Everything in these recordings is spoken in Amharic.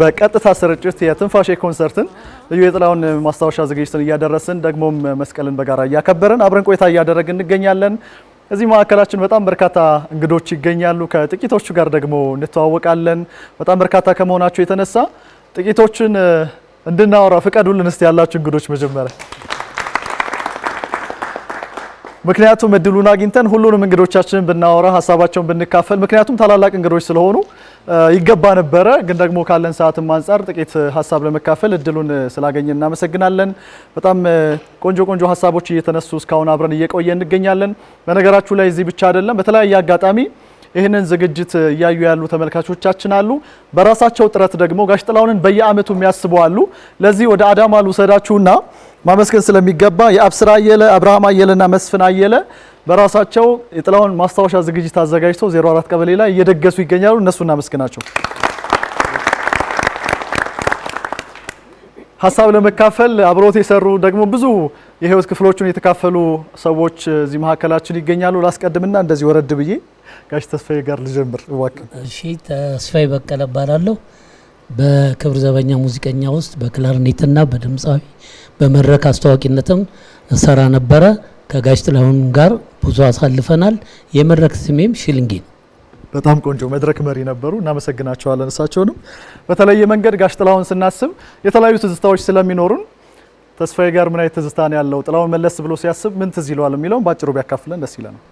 በቀጥታ ስርጭት የትንፋሼ ኮንሰርትን ልዩ የጥላውን ማስታወሻ ዝግጅትን እያደረስን ደግሞም መስቀልን በጋራ እያከበርን አብረን ቆይታ እያደረግን እንገኛለን። እዚህ ማዕከላችን በጣም በርካታ እንግዶች ይገኛሉ። ከጥቂቶቹ ጋር ደግሞ እንተዋወቃለን። በጣም በርካታ ከመሆናቸው የተነሳ ጥቂቶችን እንድናወራ ፍቀዱልን እስቲ ያላችሁ እንግዶች መጀመሪያ ምክንያቱም እድሉን አግኝተን ሁሉንም እንግዶቻችንን ብናወራ ሀሳባቸውን ብንካፈል ምክንያቱም ታላላቅ እንግዶች ስለሆኑ ይገባ ነበረ። ግን ደግሞ ካለን ሰዓትም አንጻር ጥቂት ሀሳብ ለመካፈል እድሉን ስላገኘ እናመሰግናለን። በጣም ቆንጆ ቆንጆ ሀሳቦች እየተነሱ እስካሁን አብረን እየቆየ እንገኛለን። በነገራችሁ ላይ እዚህ ብቻ አይደለም፣ በተለያየ አጋጣሚ ይህንን ዝግጅት እያዩ ያሉ ተመልካቾቻችን አሉ። በራሳቸው ጥረት ደግሞ ጋሽ ጥላሁንን በየአመቱ የሚያስቡ አሉ። ለዚህ ወደ አዳማ ልውሰዳችሁና ማመስገን ስለሚገባ የአብስራ አየለ፣ አብርሃም አየለና መስፍን አየለ በራሳቸው የጥላሁን ማስታወሻ ዝግጅት አዘጋጅተው 04 ቀበሌ ላይ እየደገሱ ይገኛሉ። እነሱ እናመስግናቸው። ሀሳብ ለመካፈል አብሮት የሰሩ ደግሞ ብዙ የህይወት ክፍሎቹን የተካፈሉ ሰዎች እዚህ መካከላችን ይገኛሉ። ላስቀድምና እንደዚህ ወረድ ብዬ ጋሽ ተስፋዬ ጋር ልጀምር። እሺ፣ ተስፋዬ በቀለ እባላለሁ። በክብር ዘበኛ ሙዚቀኛ ውስጥ በክላርኔትና በድምፃዊ በመድረክ አስተዋቂነትም እሰራ ነበረ። ከጋሽ ጥላሁን ጋር ብዙ አሳልፈናል። የመድረክ ስሜም ሽልንጌ ነው። በጣም ቆንጆ መድረክ መሪ ነበሩ። እናመሰግናቸዋለን። እሳቸውንም በተለየ መንገድ ጋሽ ጥላሁን ስናስብ የተለያዩ ትዝታዎች ስለሚኖሩን ተስፋዬ ጋር ምን አይነት ትዝታ ነው ያለው፣ ጥላሁን መለስ ብሎ ሲያስብ ምን ትዝ ይለዋል የሚለውን በአጭሩ ቢያካፍለን ደስ ይለናል።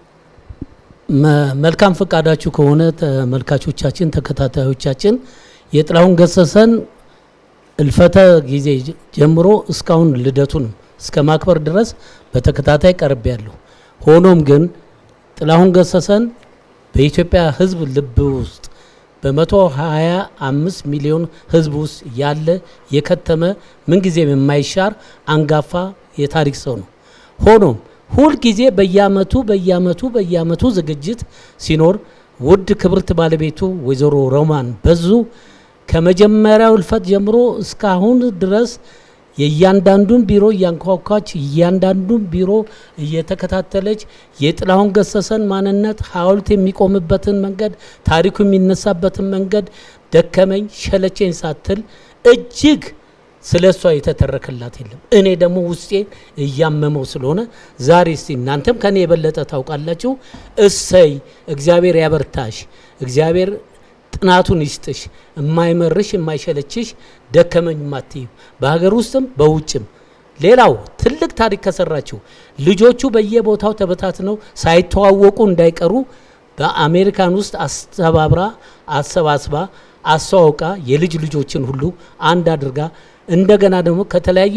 መልካም ፈቃዳችሁ ከሆነ ተመልካቾቻችን፣ ተከታታዮቻችን የጥላሁን ገሰሰን እልፈተ ጊዜ ጀምሮ እስካሁን ልደቱንም እስከ ማክበር ድረስ በተከታታይ ቀርብ ያለሁ። ሆኖም ግን ጥላሁን ገሰሰን በኢትዮጵያ ሕዝብ ልብ ውስጥ በ125 ሚሊዮን ሕዝብ ውስጥ ያለ የከተመ ምንጊዜም የማይሻር አንጋፋ የታሪክ ሰው ነው። ሆኖም ሁልጊዜ በየአመቱ በየአመቱ በየአመቱ ዝግጅት ሲኖር ውድ ክብርት ባለቤቱ ወይዘሮ ሮማን በዙ ከመጀመሪያው እልፈት ጀምሮ እስካሁን ድረስ የእያንዳንዱን ቢሮ እያንኳኳች እያንዳንዱን ቢሮ እየተከታተለች የጥላሁን ገሰሰን ማንነት ሐውልት የሚቆምበትን መንገድ፣ ታሪኩ የሚነሳበትን መንገድ ደከመኝ ሸለቸኝ ሳትል እጅግ ስለ እሷ የተተረከላት የለም። እኔ ደግሞ ውስጤ እያመመው ስለሆነ ዛሬ እስቲ እናንተም ከኔ የበለጠ ታውቃላችሁ። እሰይ እግዚአብሔር ያበርታሽ እግዚአብሔር ጥናቱን ይስጥሽ። የማይመርሽ የማይሸለችሽ ደከመኝ ማትይም በሀገር ውስጥም በውጭም። ሌላው ትልቅ ታሪክ ከሰራችው ልጆቹ በየቦታው ተበታትነው ሳይተዋወቁ እንዳይቀሩ በአሜሪካን ውስጥ አስተባብራ አሰባስባ አስተዋውቃ የልጅ ልጆችን ሁሉ አንድ አድርጋ እንደገና ደግሞ ከተለያዩ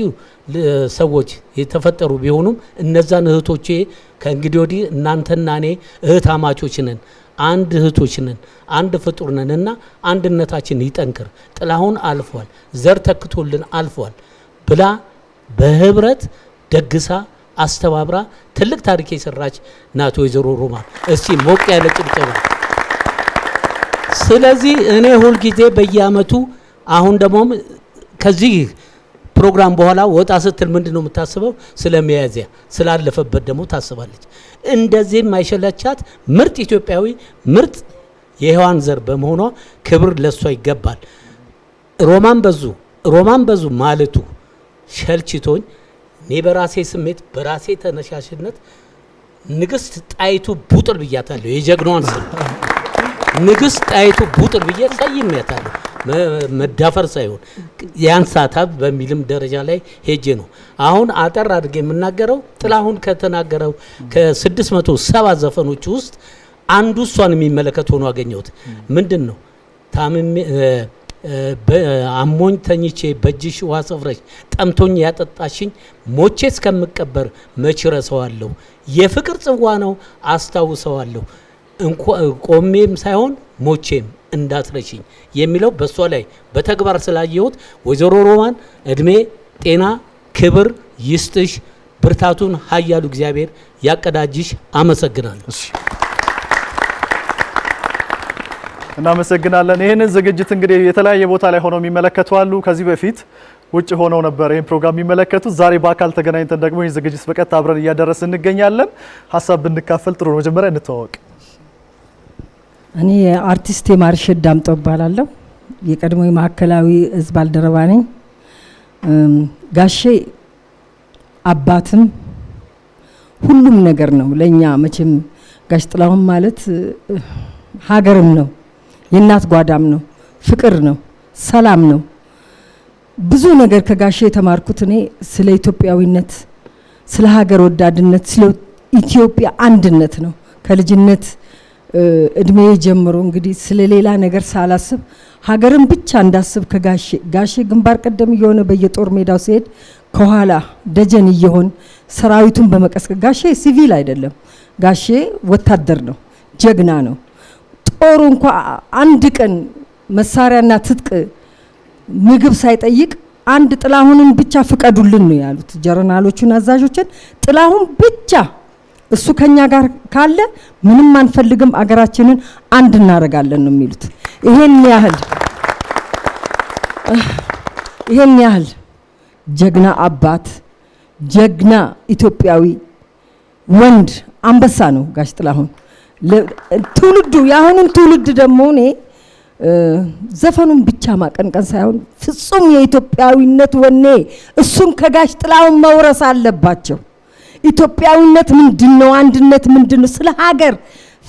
ሰዎች የተፈጠሩ ቢሆኑም እነዛን እህቶቼ ከእንግዲህ ወዲህ እናንተና እኔ እህት አማቾች ነን አንድ እህቶች ነን፣ አንድ ፍጡር ነን እና አንድነታችን ይጠንክር። ጥላሁን አልፏል፣ ዘር ተክቶልን አልፏል ብላ በህብረት ደግሳ አስተባብራ ትልቅ ታሪክ የሰራች ናት ወይዘሮ ሮማን። እስቲ ሞቅ ያለ ጭብጨባ። ስለዚህ እኔ ሁልጊዜ በየአመቱ አሁን ደግሞም ከዚህ ከፕሮግራም በኋላ ወጣ ስትል ምንድን ነው የምታስበው? ስለ ሚያዝያ ስላለፈበት ደግሞ ታስባለች። እንደዚህ ማይሸለቻት ምርጥ ኢትዮጵያዊ ምርጥ የሔዋን ዘር በመሆኗ ክብር ለሷ ይገባል። ሮማን በዙ ሮማን በዙ ማለቱ ሸልችቶኝ እኔ በራሴ ስሜት በራሴ ተነሻሽነት ንግስት ጣይቱ ቡጥር ብያታለሁ። የጀግኗን ስም ንግስት ጣይቱ ቡጥር ብዬ ሰይሜያታለሁ። መዳፈር ሳይሆን ያንሳታል በሚልም ደረጃ ላይ ሄጄ ነው አሁን አጠር አድርጌ የምናገረው። ጥላሁን ከተናገረው ከ670 ዘፈኖች ውስጥ አንዱ እሷን የሚመለከት ሆኖ አገኘሁት። ምንድን ነው ታምሜ አሞኝ ተኝቼ በእጅሽ ውሃ ሰፍረሽ ጠምቶኝ ያጠጣሽኝ ሞቼ እስከምቀበር መች የፍቅር ጽዋ ነው አስታውሰዋለሁ። ቆሜም ሳይሆን ሞቼም እንዳትረሽኝ የሚለው በእሷ ላይ በተግባር ስላየሁት፣ ወይዘሮ ሮማን እድሜ፣ ጤና፣ ክብር ይስጥሽ። ብርታቱን ኃያሉ እግዚአብሔር ያቀዳጅሽ። አመሰግናለሁ። እናመሰግናለን። ይህንን ዝግጅት እንግዲህ የተለያየ ቦታ ላይ ሆነው የሚመለከቱ አሉ። ከዚህ በፊት ውጭ ሆነው ነበር ይህን ፕሮግራም የሚመለከቱት። ዛሬ በአካል ተገናኝተን ደግሞ ይህን ዝግጅት በቀጥታ አብረን እያደረስ እንገኛለን። ሀሳብ ብንካፈል ጥሩ ነው። መጀመሪያ እንተዋወቅ። እኔ አርቲስት የማርሸት ዳምጠው እባላለሁ። የቀድሞ የማዕከላዊ እዝ ባልደረባ ነኝ። ጋሼ አባትም ሁሉም ነገር ነው ለእኛ። መቼም ጋሽ ጥላሁን ማለት ሀገርም ነው፣ የእናት ጓዳም ነው፣ ፍቅር ነው፣ ሰላም ነው። ብዙ ነገር ከጋሼ የተማርኩት እኔ ስለ ኢትዮጵያዊነት፣ ስለ ሀገር ወዳድነት፣ ስለ ኢትዮጵያ አንድነት ነው ከልጅነት እድሜ ጀምሮ እንግዲህ ስለሌላ ነገር ሳላስብ ሀገርን ብቻ እንዳስብ ከጋሼ ጋሼ ግንባር ቀደም እየሆነ በየጦር ሜዳው ሲሄድ ከኋላ ደጀን እየሆን ሰራዊቱን በመቀስቀ ጋሼ ሲቪል አይደለም፣ ጋሼ ወታደር ነው፣ ጀግና ነው። ጦሩ እንኳ አንድ ቀን መሳሪያና ትጥቅ ምግብ ሳይጠይቅ አንድ ጥላሁንን ብቻ ፍቀዱልን ነው ያሉት ጀነራሎቹን፣ አዛዦችን ጥላሁን ብቻ እሱ ከኛ ጋር ካለ ምንም አንፈልግም፣ አገራችንን አንድ እናደርጋለን ነው የሚሉት። ይሄን ያህል ይሄን ያህል ጀግና አባት፣ ጀግና ኢትዮጵያዊ ወንድ አንበሳ ነው ጋሽ ጥላሁን። ትውልዱ የአሁኑን ትውልድ ደግሞ እኔ ዘፈኑን ብቻ ማቀንቀን ሳይሆን ፍጹም የኢትዮጵያዊነት ወኔ እሱን ከጋሽ ጥላሁን መውረስ አለባቸው። ኢትዮጵያዊነት ምንድን ነው? አንድነት ምንድን ነው? ስለ ሀገር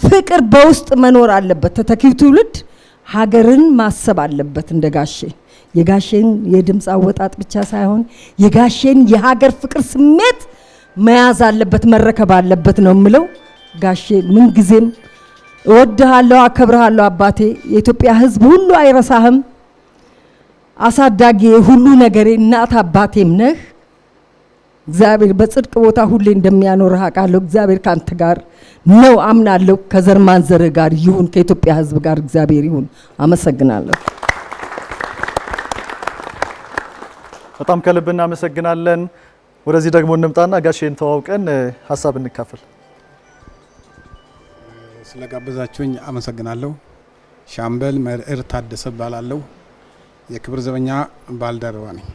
ፍቅር በውስጥ መኖር አለበት። ተተኪው ትውልድ ሀገርን ማሰብ አለበት። እንደ ጋሼ የጋሼን የድምፅ አወጣጥ ብቻ ሳይሆን የጋሼን የሀገር ፍቅር ስሜት መያዝ አለበት፣ መረከብ አለበት ነው የምለው። ጋሼ ምንጊዜም እወድሃለሁ፣ አከብርሃለሁ አባቴ። የኢትዮጵያ ሕዝብ ሁሉ አይረሳህም። አሳዳጊ ሁሉ ነገሬ፣ እናት አባቴም ነህ። እግዚአብሔር በጽድቅ ቦታ ሁሌ እንደሚያኖርህ አውቃለሁ። እግዚአብሔር ከአንተ ጋር ነው አምናለሁ። ከዘር ማንዘርህ ጋር ይሁን፣ ከኢትዮጵያ ሕዝብ ጋር እግዚአብሔር ይሁን። አመሰግናለሁ። በጣም ከልብ እናመሰግናለን። ወደዚህ ደግሞ እንምጣና ጋሼን ተዋውቀን ሀሳብ እንካፈል። ስለጋበዛችሁኝ አመሰግናለሁ። ሻምበል መርዕር ታደሰ እባላለሁ። የክብር ዘበኛ ባልደረባ ነኝ።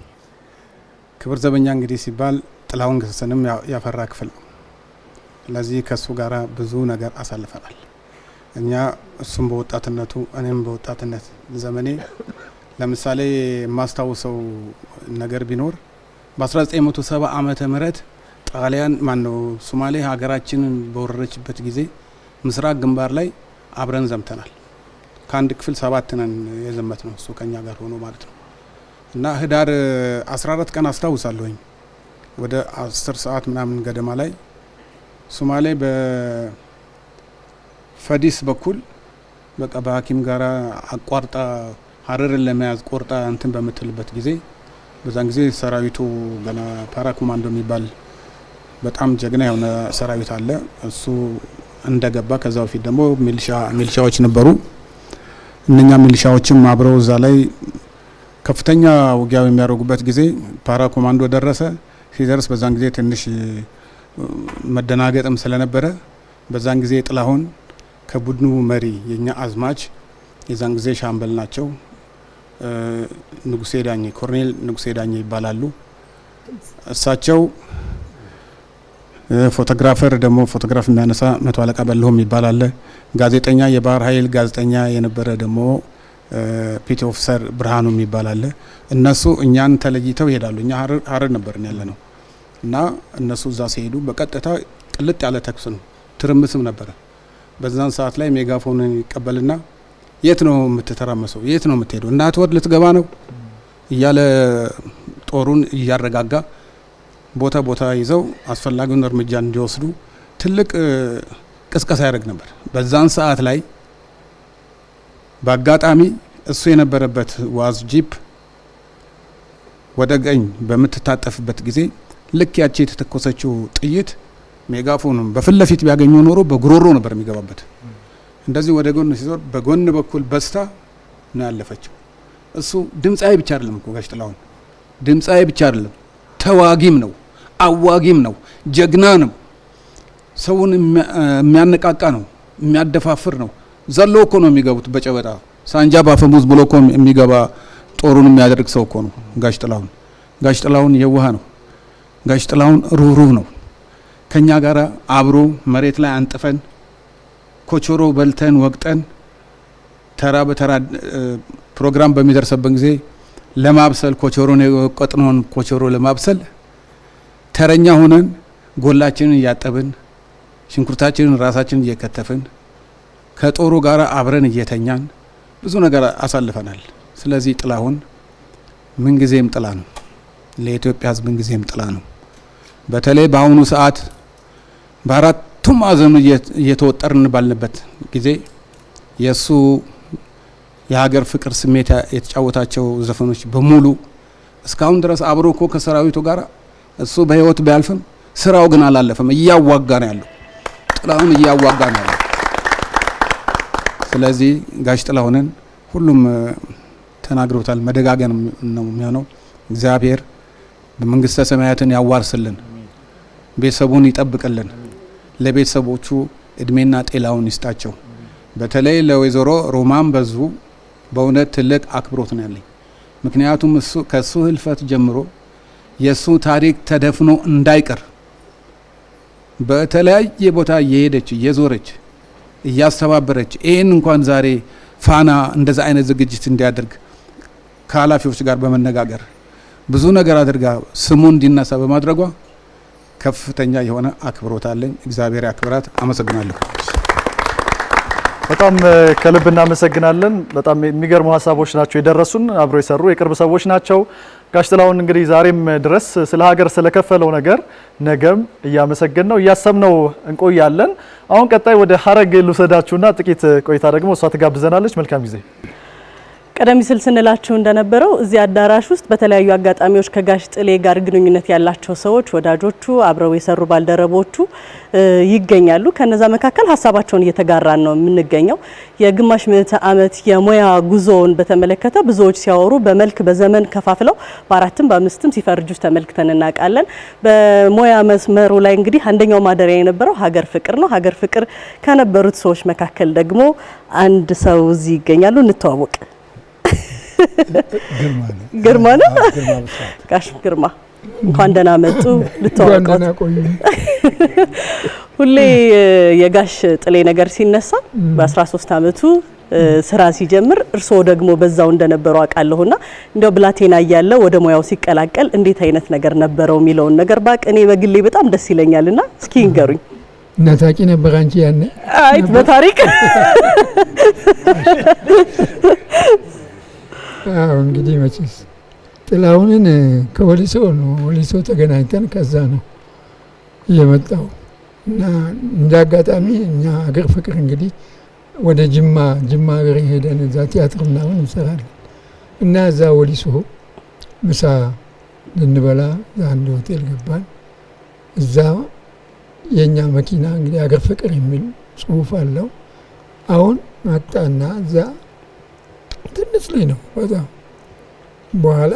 ክብር ዘበኛ እንግዲህ ሲባል ጥላሁን ገሰሰንም ያፈራ ክፍል ነው። ስለዚህ ከእሱ ጋር ብዙ ነገር አሳልፈናል። እኛ እሱም በወጣትነቱ እኔም በወጣትነት ዘመኔ ለምሳሌ የማስታውሰው ነገር ቢኖር በ1970 ዓመተ ምህረት ጣሊያን ማነው ሶማሌ ሀገራችንን በወረረችበት ጊዜ ምስራቅ ግንባር ላይ አብረን ዘምተናል። ከአንድ ክፍል ሰባት ነን የዘመት ነው እሱ ከኛ ጋር ሆኖ ማለት ነው። እና ህዳር 14 ቀን አስታውሳለሁኝ ወደ አስር ሰዓት ምናምን ገደማ ላይ ሶማሌ በፈዲስ በኩል በቃ በሐኪም ጋር አቋርጣ ሀረርን ለመያዝ ቆርጣ እንትን በምትልበት ጊዜ በዛን ጊዜ ሰራዊቱ ገና ፓራ ኮማንዶ የሚባል በጣም ጀግና የሆነ ሰራዊት አለ። እሱ እንደገባ ከዛ በፊት ደግሞ ሚሊሻዎች ነበሩ። እነኛ ሚሊሻዎችም አብረው እዛ ላይ ከፍተኛ ውጊያ የሚያደርጉበት ጊዜ ፓራ ኮማንዶ ደረሰ። ሲደርስ በዛን ጊዜ ትንሽ መደናገጥም ስለነበረ በዛን ጊዜ ጥላሁን ከቡድኑ መሪ የኛ አዝማች የዛን ጊዜ ሻምበል ናቸው ንጉሴ ዳኘ ኮርኔል ንጉሴ ዳኘ ይባላሉ። እሳቸው ፎቶግራፈር ደግሞ ፎቶግራፍ የሚያነሳ መቶ አለቃ በልሆም ይባላል። ጋዜጠኛ የባህር ኃይል ጋዜጠኛ የነበረ ደግሞ ፒቲ ኦፊሰር ብርሃኑ የሚባል አለ። እነሱ እኛን ተለይተው ይሄዳሉ። እኛ ሀረር ነበርን ያለ ነው እና እነሱ እዛ ሲሄዱ በቀጥታ ቅልጥ ያለ ተኩስ ነው። ትርምስም ነበረ። በዛን ሰዓት ላይ ሜጋፎንን ይቀበልና የት ነው የምትተራመሰው? የት ነው የምትሄደው? እናት ወድ ልትገባ ነው እያለ ጦሩን እያረጋጋ ቦታ ቦታ ይዘው አስፈላጊውን እርምጃ እንዲወስዱ ትልቅ ቅስቀሳ ያደርግ ነበር። በዛን ሰዓት ላይ በአጋጣሚ እሱ የነበረበት ዋዝ ጂፕ ወደ ቀኝ በምትታጠፍበት ጊዜ ልክ ያቺ የተተኮሰችው ጥይት ሜጋፎኑም በፊት ለፊት ቢያገኘው ኖሮ በጉሮሮ ነበር የሚገባበት። እንደዚህ ወደ ጎን ሲዞር በጎን በኩል በስታ ነው ያለፈችው። እሱ ድምፃዊ ብቻ አይደለም እኮ ጋሽ ጥላሁን ድምፃዊ ብቻ አይደለም፣ ተዋጊም ነው፣ አዋጊም ነው፣ ጀግና ነው፣ ሰውን የሚያነቃቃ ነው፣ የሚያደፋፍር ነው። ዘሎ እኮ ነው የሚገቡት በጨበጣ ሳንጃ ባፈሙዝ ብሎ እኮ የሚገባ ጦሩን የሚያደርግ ሰው እኮ ነው ጋሽ ጥላሁን። ጋሽ ጥላሁን የዋህ ነው። ጋሽ ጥላሁን ሩህሩህ ነው። ከኛ ጋር አብሮ መሬት ላይ አንጥፈን ኮቾሮ በልተን ወቅጠን ተራ በተራ ፕሮግራም በሚደርሰብን ጊዜ ለማብሰል ኮቾሮን የወቀጥነውን ኮቾሮ ለማብሰል ተረኛ ሆነን ጎላችንን እያጠብን ሽንኩርታችንን ራሳችንን እየከተፍን ከጦሩ ጋር አብረን እየተኛን ብዙ ነገር አሳልፈናል። ስለዚህ ጥላሁን ምንጊዜም ጥላ ነው፣ ለኢትዮጵያ ሕዝብ ምንጊዜም ጥላ ነው። በተለይ በአሁኑ ሰዓት በአራቱም አዘኑ እየተወጠርን ባልንበት ጊዜ የእሱ የሀገር ፍቅር ስሜት የተጫወታቸው ዘፈኖች በሙሉ እስካሁን ድረስ አብሮ እኮ ከሰራዊቱ ጋር እሱ በህይወት ቢያልፍም ስራው ግን አላለፈም። እያዋጋ ነው ያለው፣ ጥላሁን እያዋጋ ነው ያለው። ስለዚህ ጋሽ ጥላሁንን ሁሉም ተናግሮታል። መደጋገን ነው የሚሆነው። እግዚአብሔር በመንግስተ ሰማያትን ያዋርስልን፣ ቤተሰቡን ይጠብቅልን፣ ለቤተሰቦቹ እድሜና ጤላውን ይስጣቸው። በተለይ ለወይዘሮ ሮማን በዙ በእውነት ትልቅ አክብሮት ነው ያለኝ። ምክንያቱም እሱ ከእሱ ህልፈት ጀምሮ የእሱ ታሪክ ተደፍኖ እንዳይቀር በተለያየ ቦታ እየሄደች እየዞረች እያስተባበረች ይህን እንኳን ዛሬ ፋና እንደዛ አይነት ዝግጅት እንዲያደርግ ከኃላፊዎች ጋር በመነጋገር ብዙ ነገር አድርጋ ስሙ እንዲነሳ በማድረጓ ከፍተኛ የሆነ አክብሮት አለኝ። እግዚአብሔር አክብራት አመሰግናለሁ። በጣም ከልብ እናመሰግናለን። በጣም የሚገርሙ ሀሳቦች ናቸው የደረሱን። አብሮ የሰሩ የቅርብ ሰዎች ናቸው። ጋሽ ጥላሁን እንግዲህ ዛሬም ድረስ ስለ ሀገር ስለከፈለው ነገር ነገም እያመሰገን ነው እያሰብነው እንቆያለን። አሁን ቀጣይ ወደ ሀረግ ልውሰዳችሁና ጥቂት ቆይታ ደግሞ እሷ ትጋብዘናለች። መልካም ጊዜ ቀደም ሲል ስንላችሁ እንደነበረው እዚህ አዳራሽ ውስጥ በተለያዩ አጋጣሚዎች ከጋሽ ጥሌ ጋር ግንኙነት ያላቸው ሰዎች፣ ወዳጆቹ፣ አብረው የሰሩ ባልደረቦቹ ይገኛሉ። ከነዛ መካከል ሀሳባቸውን እየተጋራን ነው የምንገኘው። የግማሽ ምዕተ ዓመት የሙያ ጉዞውን በተመለከተ ብዙዎች ሲያወሩ በመልክ በዘመን ከፋፍለው በአራትም በአምስትም ሲፈርጁ ተመልክተን እናውቃለን። በሙያ መስመሩ ላይ እንግዲህ አንደኛው ማደሪያ የነበረው ሀገር ፍቅር ነው። ሀገር ፍቅር ከነበሩት ሰዎች መካከል ደግሞ አንድ ሰው እዚህ ይገኛሉ። እንተዋወቅ ግርማ ነው ጋሽ ግርማ እንኳን ደህና መጡ። ልታወቀው ሁሌ የጋሽ ጥሌ ነገር ሲነሳ በ13 ዓመቱ ስራ ሲጀምር እርስዎ ደግሞ በዛው እንደነበሩ አውቃለሁና እንደው ብላቴና እያለ ወደ ሙያው ሲቀላቀል እንዴት አይነት ነገር ነበረው የሚለውን ነገር ባቅ እኔ በግሌ በጣም ደስ ይለኛልና እስኪ ንገሩኝ። ነታቂ ነበር አንቺ ያኔ? አይ በታሪክ እንግዲህ መቼስ ጥላሁንን ከወሊሶ ነው ወሊሶ ተገናኝተን ከዛ ነው የመጣው እና እንደ አጋጣሚ እኛ ሀገር ፍቅር እንግዲህ ወደ ጅማ ጅማ ሀገር ሄደን እዛ ቲያትር ምናምን እንሰራለን እና እዛ ወሊሶ ምሳ ልንበላ አንድ ሆቴል ገባን። እዛ የእኛ መኪና እንግዲህ አገር ፍቅር የሚል ጽሁፍ አለው። አሁን መጣና እዛ ትንሽ ልጅ ነው በጣም በኋላ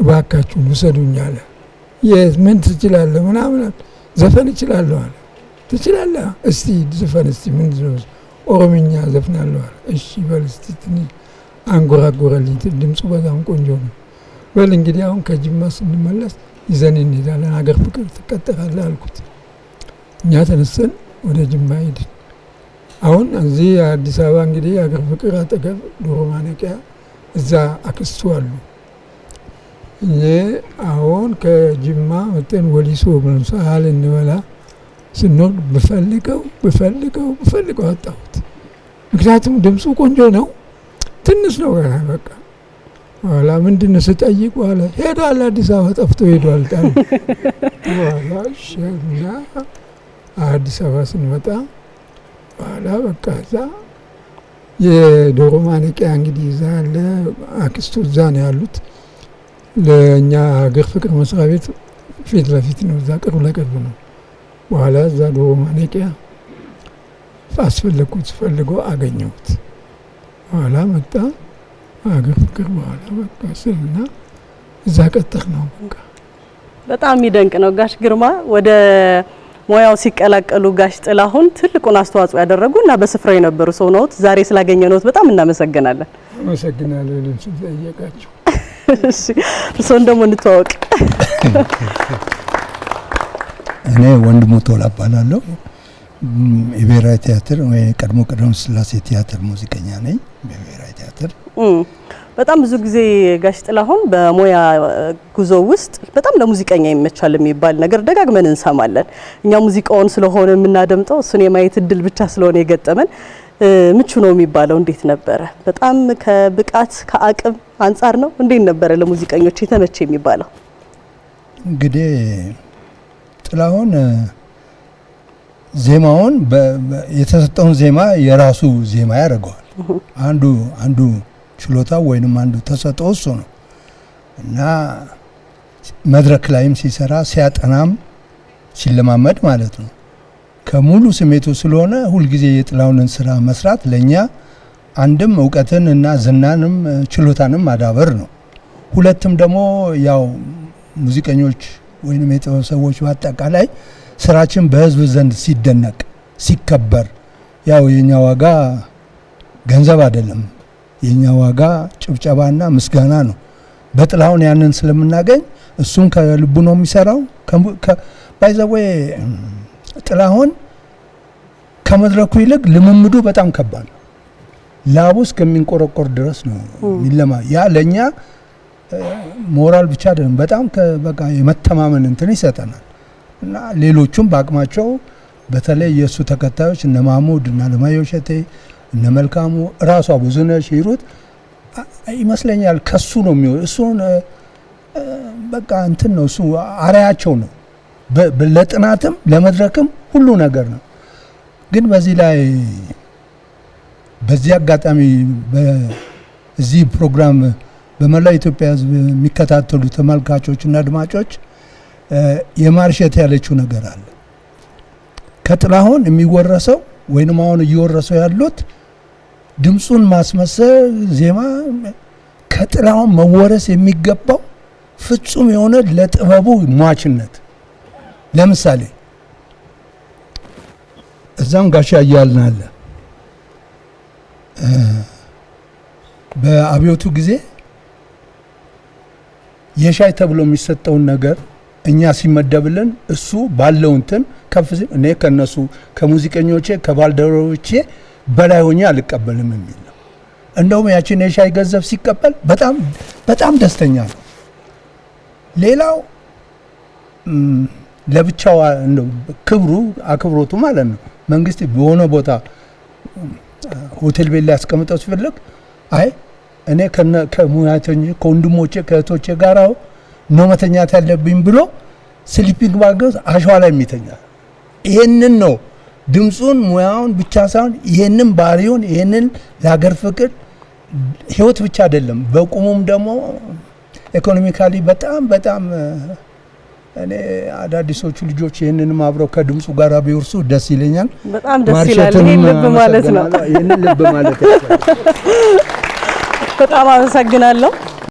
እባካችሁ ውሰዱኝ አለ። ምን ትችላለህ? ምናምን ዘፈን እችላለሁ አለ። ትችላለህ? እስቲ ዘፈን እስቲ ምን ኦሮምኛ ዘፍናለሁ አለ። እሺ በል እስቲ ትንሽ አንጎራጎረልኝ። ድምፁ በጣም ቆንጆ ነው። በል እንግዲህ አሁን ከጅማ ስንመለስ ይዘን እንሄዳለን። ሀገር ፍቅር ትቀጠራለህ አልኩት። እኛ ተነስተን ወደ ጅማ ሄድን። አሁን እዚህ አዲስ አበባ እንግዲህ የአገር ፍቅር አጠገብ ዶሮ ማነቂያ እዛ አክስቱ አሉ። እኔ አሁን ከጅማ መጠን ወሊሶ ሰሀል እንበላ ስንወርድ ብፈልገው ብፈልገው ብፈልገው አጣሁት። ምክንያቱም ድምፁ ቆንጆ ነው፣ ትንሽ ነው በቃ ኋላ ምንድን ነው ስጠይቅ፣ ሄዷል፣ አዲስ አበባ ጠፍቶ ሄዷል። ጣ ኋላ አዲስ አበባ ስንመጣ በኋላ በቃ እዛ የዶሮ ማነቂያ እንግዲህ ይዛ ያለ አክስቱ እዛ ነው ያሉት። ለእኛ ሀገር ፍቅር መስሪያ ቤት ፊት ለፊት ነው፣ እዛ ቅርብ ለቅርብ ነው። በኋላ እዛ ዶሮ ማነቂያ አስፈለግኩት፣ ፈልጎ አገኘሁት። በኋላ መጣ ሀገር ፍቅር በኋላ በቃ ስልና እዛ ቀጠር ነው በቃ በጣም የሚደንቅ ነው ጋሽ ግርማ ወደ ሙያው ሲቀላቀሉ ጋሽ ጥላሁን ትልቁን አስተዋጽኦ ያደረጉ እና በስፍራው የነበሩ ሰው ነዎት። ዛሬ ስላገኘ ነዎት በጣም እናመሰግናለን። አመሰግናለሁ። ጠየቃቸው። እርስዎን ደግሞ እንተዋወቅ። እኔ ወንድሙ ቶላ እባላለሁ። የብሔራዊ ቲያትር ወይ ቀድሞ ቀደም ስላሴ ቲያትር ሙዚቀኛ ነኝ። በብሔራዊ ቲያትር በጣም ብዙ ጊዜ ጋሽ ጥላሁን በሙያ ጉዞ ውስጥ በጣም ለሙዚቀኛ ይመቻል የሚባል ነገር ደጋግመን እንሰማለን። እኛ ሙዚቃውን ስለሆነ የምናደምጠው እሱን የማየት እድል ብቻ ስለሆነ የገጠመን ምቹ ነው የሚባለው እንዴት ነበረ? በጣም ከብቃት ከአቅም አንጻር ነው እንዴት ነበረ ለሙዚቀኞች የተመቸ የሚባለው? እንግዲህ ጥላሁን ዜማውን የተሰጠውን ዜማ የራሱ ዜማ ያደርገዋል። አንዱ አንዱ ችሎታው ወይንም አንዱ ተሰጥኦ እሱ ነው እና መድረክ ላይም ሲሰራ ሲያጠናም ሲለማመድ ማለት ነው ከሙሉ ስሜቱ ስለሆነ ሁልጊዜ የጥላውንን ስራ መስራት ለእኛ አንድም እውቀትን እና ዝናንም ችሎታንም ማዳበር ነው። ሁለትም ደግሞ ያው ሙዚቀኞች ወይንም የጥበብ ሰዎች በአጠቃላይ ስራችን በህዝብ ዘንድ ሲደነቅ ሲከበር፣ ያው የኛ ዋጋ ገንዘብ አይደለም። የኛ ዋጋ ጭብጨባና ምስጋና ነው። በጥላሁን ያንን ስለምናገኝ እሱም ከልቡ ነው የሚሰራው። ባይዘዌ ጥላሁን ከመድረኩ ይልቅ ልምምዱ በጣም ከባድ ነው። ላቡ እስከሚንቆረቆር ድረስ ነው የሚለማ። ያ ለእኛ ሞራል ብቻ አይደለም፣ በጣም በቃ የመተማመን እንትን ይሰጠናል። እና ሌሎቹም በአቅማቸው በተለይ የእሱ ተከታዮች እነ ማሙድ እና አለማየሁ እነ መልካሙ ራሷ ብዙነሽ ሂሩት ይመስለኛል ከሱ ነው የሚሆ እሱን በቃ እንትን ነው እሱ አርያቸው ነው። ለጥናትም ለመድረክም ሁሉ ነገር ነው። ግን በዚህ ላይ በዚህ አጋጣሚ በዚህ ፕሮግራም በመላ ኢትዮጵያ ህዝብ የሚከታተሉ ተመልካቾች እና አድማጮች የማርሸት ያለችው ነገር አለ። ከጥላሁን የሚወረሰው ወይንም አሁን እየወረሰው ያሉት ድምፁን ማስመሰል ዜማ ከጥላሁን መወረስ የሚገባው ፍጹም የሆነ ለጥበቡ ሟችነት። ለምሳሌ እዛም ጋሻ እያልን አለ። በአብዮቱ ጊዜ የሻይ ተብሎ የሚሰጠውን ነገር እኛ ሲመደብልን እሱ ባለው እንትን ከፍ እኔ ከነሱ ከሙዚቀኞቼ ከባልደረቦቼ በላይ ሆኜ አልቀበልም የሚል ነው። እንደውም ያችን የሻይ ገንዘብ ሲቀበል በጣም በጣም ደስተኛ ነው። ሌላው ለብቻዋ ክብሩ አክብሮቱ ማለት ነው። መንግስት በሆነ ቦታ ሆቴል ቤት ላይ ያስቀምጠው ሲፈልግ አይ እኔ ከሙያተኞቼ ከወንድሞቼ ከእህቶቼ ጋር ነው መተኛት ያለብኝ ብሎ ስሊፒንግ ባግ አሸዋ ላይ የሚተኛ ይሄንን ነው ድምፁን ሙያውን ብቻ ሳይሆን ይሄንን ባህሪውን ይሄንን ለሀገር ፍቅር ህይወት ብቻ አይደለም፣ በቁሙም ደግሞ ኢኮኖሚካሊ በጣም በጣም እኔ አዳዲሶቹ ልጆች ይህንንም አብረው ከድምፁ ጋር ቢወርሱ ደስ ይለኛል። በጣም ደስ ይላል። ይህን ልብ ማለት ነው። ይህን ልብ ማለት በጣም አመሰግናለሁ።